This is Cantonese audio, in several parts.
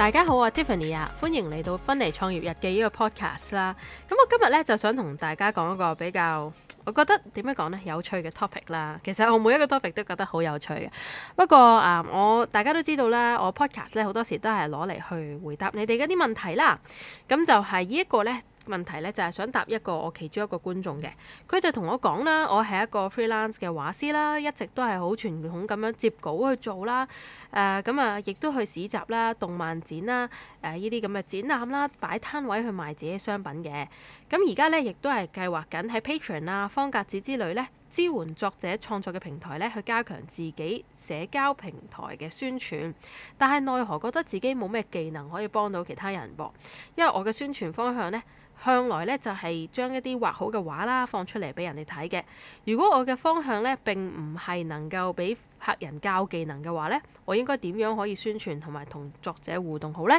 大家好啊，我係 Tiffany 啊，歡迎嚟到《芬妮創業日記》呢個 podcast 啦。咁我今日咧就想同大家講一個比較，我覺得點樣講呢有趣嘅 topic 啦。其實我每一個 topic 都覺得好有趣嘅。不過啊、呃，我大家都知道啦，我 podcast 咧好多時都係攞嚟去回答你哋嗰啲問題啦。咁就係呢一個呢。問題咧就係、是、想答一個我其中一個觀眾嘅，佢就同我講啦，我係一個 freelance 嘅畫師啦，一直都係好傳統咁樣接稿去做啦。誒咁啊，亦都去市集啦、動漫展啦、誒呢啲咁嘅展覽啦，擺攤位去賣自己商品嘅。咁而家咧，亦都係計劃緊喺 Patreon 啊、方格子之類咧支援作者創作嘅平台咧，去加強自己社交平台嘅宣傳。但係奈何覺得自己冇咩技能可以幫到其他人噃，因為我嘅宣傳方向咧。向來咧就係、是、將一啲畫好嘅畫啦放出嚟俾人哋睇嘅。如果我嘅方向咧並唔係能夠俾客人教技能嘅話咧，我應該點樣可以宣傳同埋同作者互動好呢？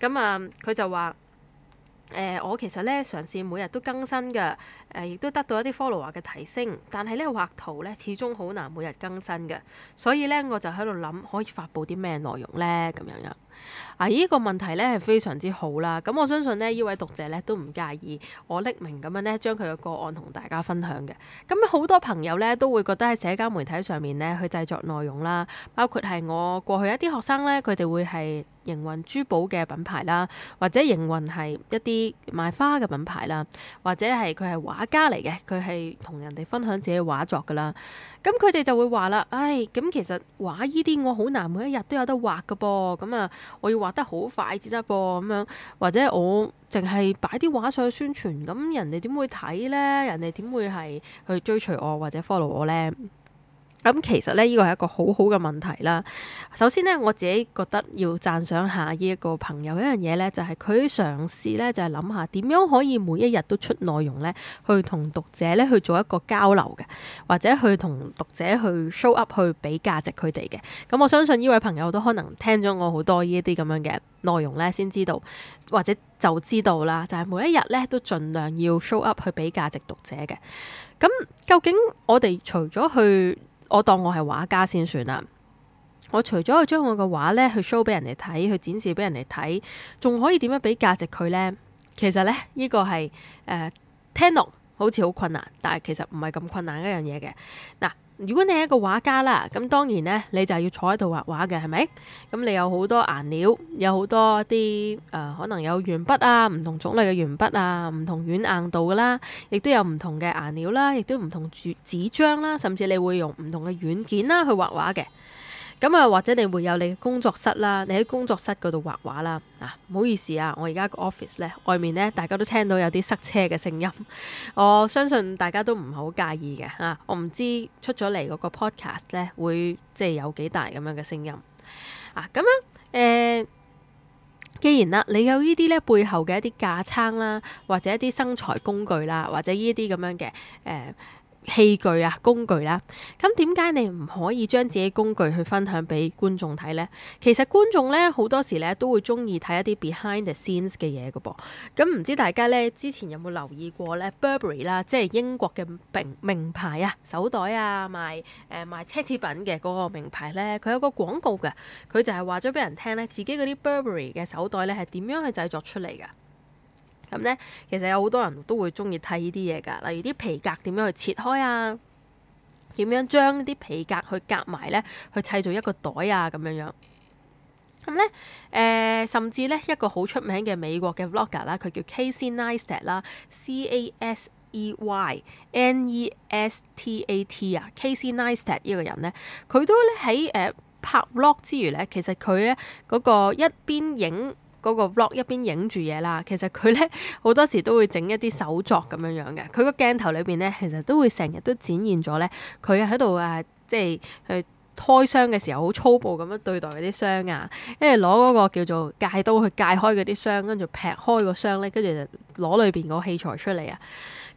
咁啊，佢、呃、就話：誒、呃，我其實咧嘗試每日都更新嘅，誒、呃、亦都得到一啲 follower 嘅提升，但係咧畫圖咧始終好難每日更新嘅，所以咧我就喺度諗可以發布啲咩內容咧咁樣。啊！依、這個問題咧係非常之好啦，咁、啊、我相信呢依位讀者咧都唔介意我匿名咁樣咧，將佢嘅個案同大家分享嘅。咁、啊、好多朋友咧都會覺得喺社交媒體上面咧去製作內容啦，包括係我過去一啲學生咧，佢哋會係營運珠寶嘅品牌啦，或者營運係一啲賣花嘅品牌啦，或者係佢係畫家嚟嘅，佢係同人哋分享自己嘅畫作噶啦。咁佢哋就會話啦，唉、哎，咁其實畫依啲我好難每一日都有得畫噶噃，咁啊。啊啊我要畫得好快至得噃，咁樣或者我淨係擺啲畫上去宣傳，咁人哋點會睇呢？人哋點會係去追隨我或者 follow 我呢？咁其實呢，呢個係一個好好嘅問題啦。首先呢，我自己覺得要讚賞下呢一個朋友，一樣嘢呢，就係、是、佢嘗試呢，就係、是、諗下點樣可以每一日都出內容呢，去同讀者呢去做一個交流嘅，或者去同讀者去 show up 去俾價值佢哋嘅。咁、嗯、我相信呢位朋友都可能聽咗我好多呢一啲咁樣嘅內容呢，先知道或者就知道啦，就係、是、每一日呢，都盡量要 show up 去俾價值讀者嘅。咁、嗯、究竟我哋除咗去我當我係畫家先算啦，我除咗去將我嘅畫咧去 show 俾人哋睇，去展示俾人哋睇，仲可以點樣俾價值佢呢？其實呢，呢、呢個係誒聽落好似好困難，但係其實唔係咁困難一樣嘢嘅嗱。如果你係一個畫家啦，咁當然呢，你就要坐喺度畫畫嘅，係咪？咁你有好多顏料，有好多啲誒、呃，可能有鉛筆啊，唔同種類嘅鉛筆啊，唔同軟硬度㗎啦，亦都有唔同嘅顏料啦，亦都唔同紙紙張啦，甚至你會用唔同嘅軟件啦去畫畫嘅。咁啊，或者你會有你嘅工作室啦，你喺工作室嗰度畫畫啦。嗱、啊，唔好意思啊，我而家個 office 咧，外面咧，大家都聽到有啲塞車嘅聲音。我相信大家都唔好介意嘅嚇、啊。我唔知出咗嚟嗰個 podcast 咧，會即係有幾大咁樣嘅聲音。啊，咁啊，誒、呃，既然啦、啊，你有呢啲咧，背後嘅一啲架撐啦，或者一啲生財工具啦，或者呢啲咁樣嘅誒。呃器具啊，工具啦、啊，咁點解你唔可以將自己工具去分享俾觀眾睇呢？其實觀眾咧好多時咧都會中意睇一啲 behind the scenes 嘅嘢㗎噃。咁、嗯、唔知大家咧之前有冇留意過咧？Burberry 啦，即係英國嘅名牌啊，手袋啊，賣誒、呃、賣奢侈品嘅嗰個名牌咧，佢有個廣告嘅，佢就係話咗俾人聽咧，自己嗰啲 Burberry 嘅手袋咧係點樣去製作出嚟嘅。咁咧、嗯，其實有好多人都會中意睇呢啲嘢噶，例如啲皮革點樣去切開啊，點樣將啲皮革去夾埋咧，去砌做一個袋啊咁樣樣。咁、嗯、咧，誒、呃，甚至咧一個好出名嘅美國嘅 Vlogger 啦，佢叫、e e、Casey Neistat 啦，C-A-S-E-Y-N-E-S-T-A-T 啊，Casey Neistat 呢個人咧，佢都咧喺誒拍 Vlog 之餘咧，其實佢咧嗰個一邊影，嗰個 Vlog 一邊影住嘢啦，其實佢咧好多時都會整一啲手作咁樣樣嘅，佢個鏡頭裏邊咧其實都會成日都展現咗咧，佢喺度啊，即係去開箱嘅時候好粗暴咁樣對待嗰啲箱啊，跟住攞嗰個叫做戒刀去戒開嗰啲箱，跟住劈開個箱咧，跟住就攞裏邊個器材出嚟啊，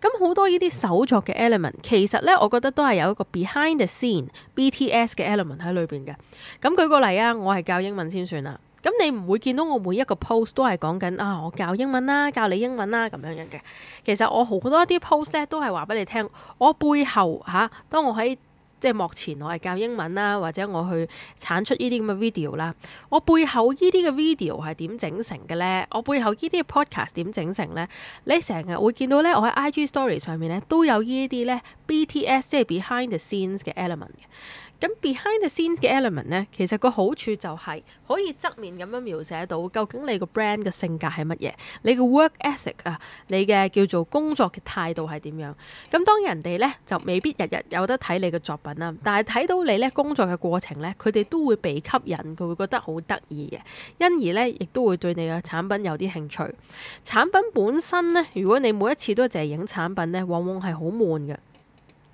咁好多呢啲手作嘅 element，其實咧我覺得都係有一個 behind the scene BTS 嘅 element 喺裏邊嘅，咁舉個例啊，我係教英文先算啦。咁你唔會見到我每一個 post 都係講緊啊，我教英文啦，教你英文啦咁樣樣嘅。其實我好多啲 post 咧，都係話俾你聽。我背後嚇、啊，當我喺即係幕前，我係教英文啦，或者我去產出呢啲咁嘅 video 啦。我背後呢啲嘅 video 係點整成嘅呢？我背後呢啲嘅 podcast 點整成呢？你成日會見到呢，我喺 IG story 上面呢都有呢啲呢 BTS 即係 behind the scenes 嘅 element 嘅。咁 behind the scenes 嘅 element 呢，其實個好處就係可以側面咁樣描寫到究竟你個 brand 嘅性格係乜嘢，你嘅 work ethic 啊，uh，你嘅叫做工作嘅態度係點樣。咁當人哋呢，就未必日日有得睇你嘅作品啦，但係睇到你呢工作嘅過程呢，佢哋都會被吸引，佢會覺得好得意嘅，因而呢亦都會對你嘅產品有啲興趣。產品本身呢，如果你每一次都凈係影產品呢，往往係好悶嘅。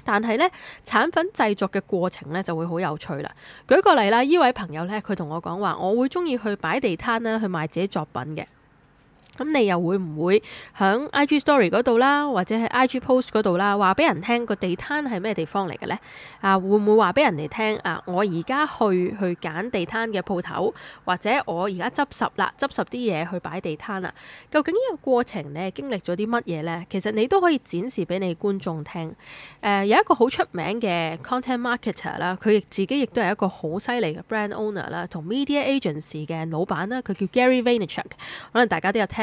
但係咧，產品製作嘅過程咧就會好有趣啦。舉個例啦，呢位朋友咧，佢同我講話，我會中意去擺地攤啦，去賣自己作品嘅。咁你又會唔會喺 IG Story 度啦，或者喺 IG Post 度啦，話俾人聽個地攤係咩地方嚟嘅呢？啊，會唔會話俾人哋聽啊？我而家去去揀地攤嘅鋪頭，或者我而家執拾啦，執拾啲嘢去擺地攤啦。究竟呢個過程呢，經歷咗啲乜嘢呢？其實你都可以展示俾你觀眾聽。誒、呃，有一個好出名嘅 content marketer 啦、啊，佢亦自己亦都係一個好犀利嘅 brand owner 啦、啊，同 media agency 嘅老闆啦，佢、啊、叫 Gary Vaynerchuk。可能大家都有聽。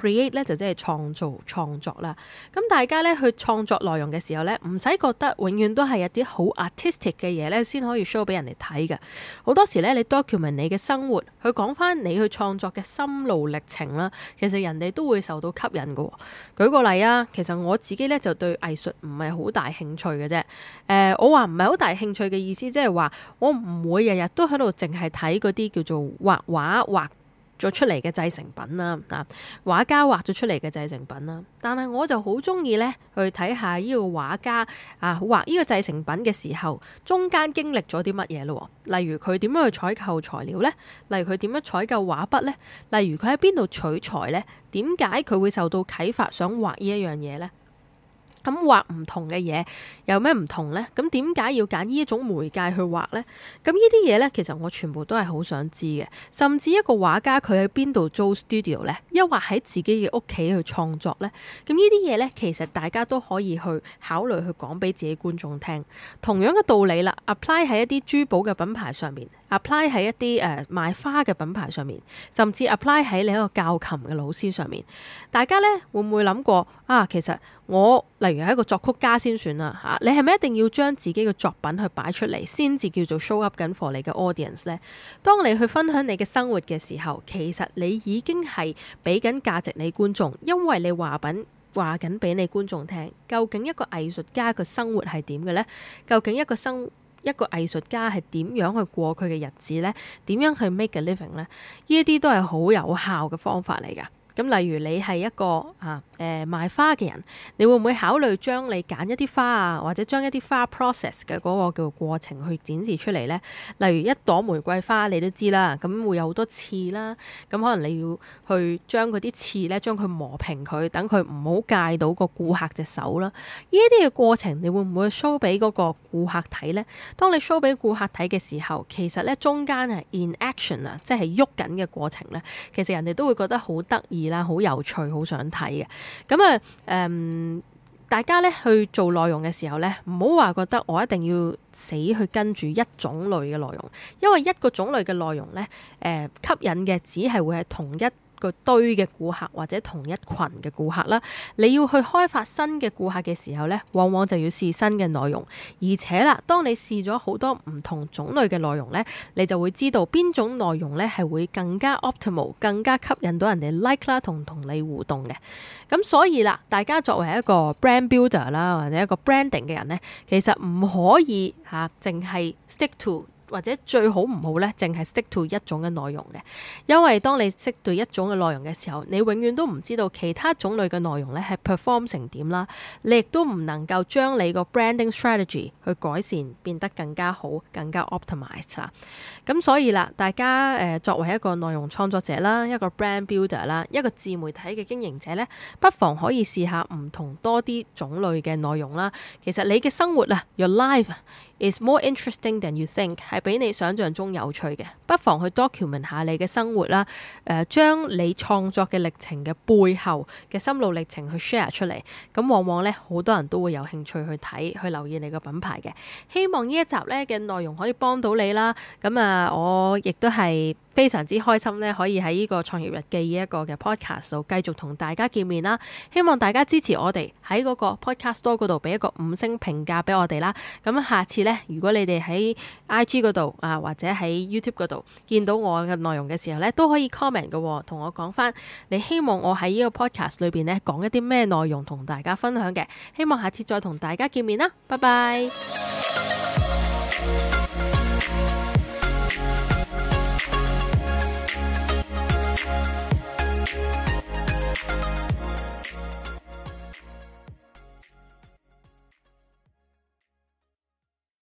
Create 咧，就即係創造創作啦，咁大家咧去創作內容嘅時候咧，唔使覺得永遠都係一啲好 artistic 嘅嘢咧，先可以 show 俾人哋睇嘅。好多時咧，你 document 你嘅生活，去講翻你去創作嘅心路歷程啦，其實人哋都會受到吸引嘅。舉個例啊，其實我自己咧就對藝術唔係好大興趣嘅啫。誒、呃，我話唔係好大興趣嘅意思，即係話我唔會日日都喺度淨係睇嗰啲叫做畫畫畫咗出嚟嘅製成品啦，啊，畫家畫咗出嚟嘅製成品啦，但係我就好中意呢，去睇下呢個畫家啊畫呢個製成品嘅時候，中間經歷咗啲乜嘢咯？例如佢點樣去採購材料呢？例如佢點樣採購畫筆呢？例如佢喺邊度取材呢？點解佢會受到啟發想畫呢一樣嘢呢？咁畫唔同嘅嘢有咩唔同呢？咁點解要揀呢一種媒介去畫呢？咁呢啲嘢呢，其實我全部都係好想知嘅。甚至一個畫家佢喺邊度租 studio 呢？抑或喺自己嘅屋企去創作呢？咁呢啲嘢呢，其實大家都可以去考慮去講俾自己觀眾聽。同樣嘅道理啦，apply 喺一啲珠寶嘅品牌上面。apply 喺一啲誒賣花嘅品牌上面，甚至 apply 喺你一個教琴嘅老師上面。大家呢會唔會諗過啊？其實我例如係一個作曲家先算啦，啊、嚇、啊，你係咪一定要將自己嘅作品去擺出嚟先至叫做 show up 緊 for 你嘅 audience 呢？當你去分享你嘅生活嘅時候，其實你已經係俾緊價值你觀眾，因為你話品話緊俾你觀眾聽。究竟一個藝術家嘅生活係點嘅呢？究竟一個生一個藝術家係點樣去過佢嘅日子咧？點樣去 make a living 咧？呢一啲都係好有效嘅方法嚟㗎。咁例如你係一個啊誒、欸、賣花嘅人，你會唔會考慮將你揀一啲花啊，或者將一啲花 process 嘅個叫過程去展示出嚟咧？例如一朵玫瑰花，你都知啦，咁會有好多刺啦，咁可能你要去將啲刺咧，將佢磨平佢，等佢唔好介到個顧客隻手啦。依啲嘅過程，你會唔會 show 俾個顧客睇咧？當你 show 俾顧客睇嘅時候，其實咧中間係 in action 啊，即係喐緊嘅過程咧，其實人哋都會覺得好得意。啦，好有趣，好想睇嘅。咁啊，誒、呃，大家咧去做內容嘅時候咧，唔好話覺得我一定要死去跟住一種類嘅內容，因為一個種類嘅內容咧，誒、呃，吸引嘅只係會係同一個堆嘅顧客或者同一群嘅顧客啦，你要去開發新嘅顧客嘅時候呢，往往就要試新嘅內容。而且啦，當你試咗好多唔同種類嘅內容呢，你就會知道邊種內容呢係會更加 optimal、更加吸引到人哋 like 啦同同你互動嘅。咁所以啦，大家作為一個 brand builder 啦或者一個 branding 嘅人呢，其實唔可以吓淨係 stick to。或者最好唔好呢，淨係 stick to 一種嘅內容嘅，因為當你 stick to 一種嘅內容嘅時候，你永遠都唔知道其他種類嘅內容呢係 perform 成點啦，你亦都唔能夠將你個 branding strategy 去改善變得更加好、更加 optimised 啦。咁所以啦，大家誒、呃、作為一個內容創作者啦，一個 brand builder 啦，一個自媒體嘅經營者呢，不妨可以試下唔同多啲種類嘅內容啦。其實你嘅生活啊，your life is more interesting than you think。比你想象中有趣嘅，不妨去 document 下你嘅生活啦。誒、呃，將你創作嘅歷程嘅背後嘅心路歷程去 share 出嚟，咁、呃、往往咧好多人都會有興趣去睇，去留意你個品牌嘅。希望呢一集咧嘅內容可以幫到你啦。咁、呃、啊，我亦都係。非常之開心咧，可以喺呢個創業日記呢一個嘅 podcast 度繼續同大家見面啦！希望大家支持我哋喺嗰個 podcast store 度俾一個五星評價俾我哋啦！咁下次呢，如果你哋喺 IG 度啊，或者喺 YouTube 度見到我嘅內容嘅時候呢，都可以 comment 嘅、哦，同我講翻你希望我喺呢個 podcast 裏邊呢講一啲咩內容同大家分享嘅。希望下次再同大家見面啦，拜拜！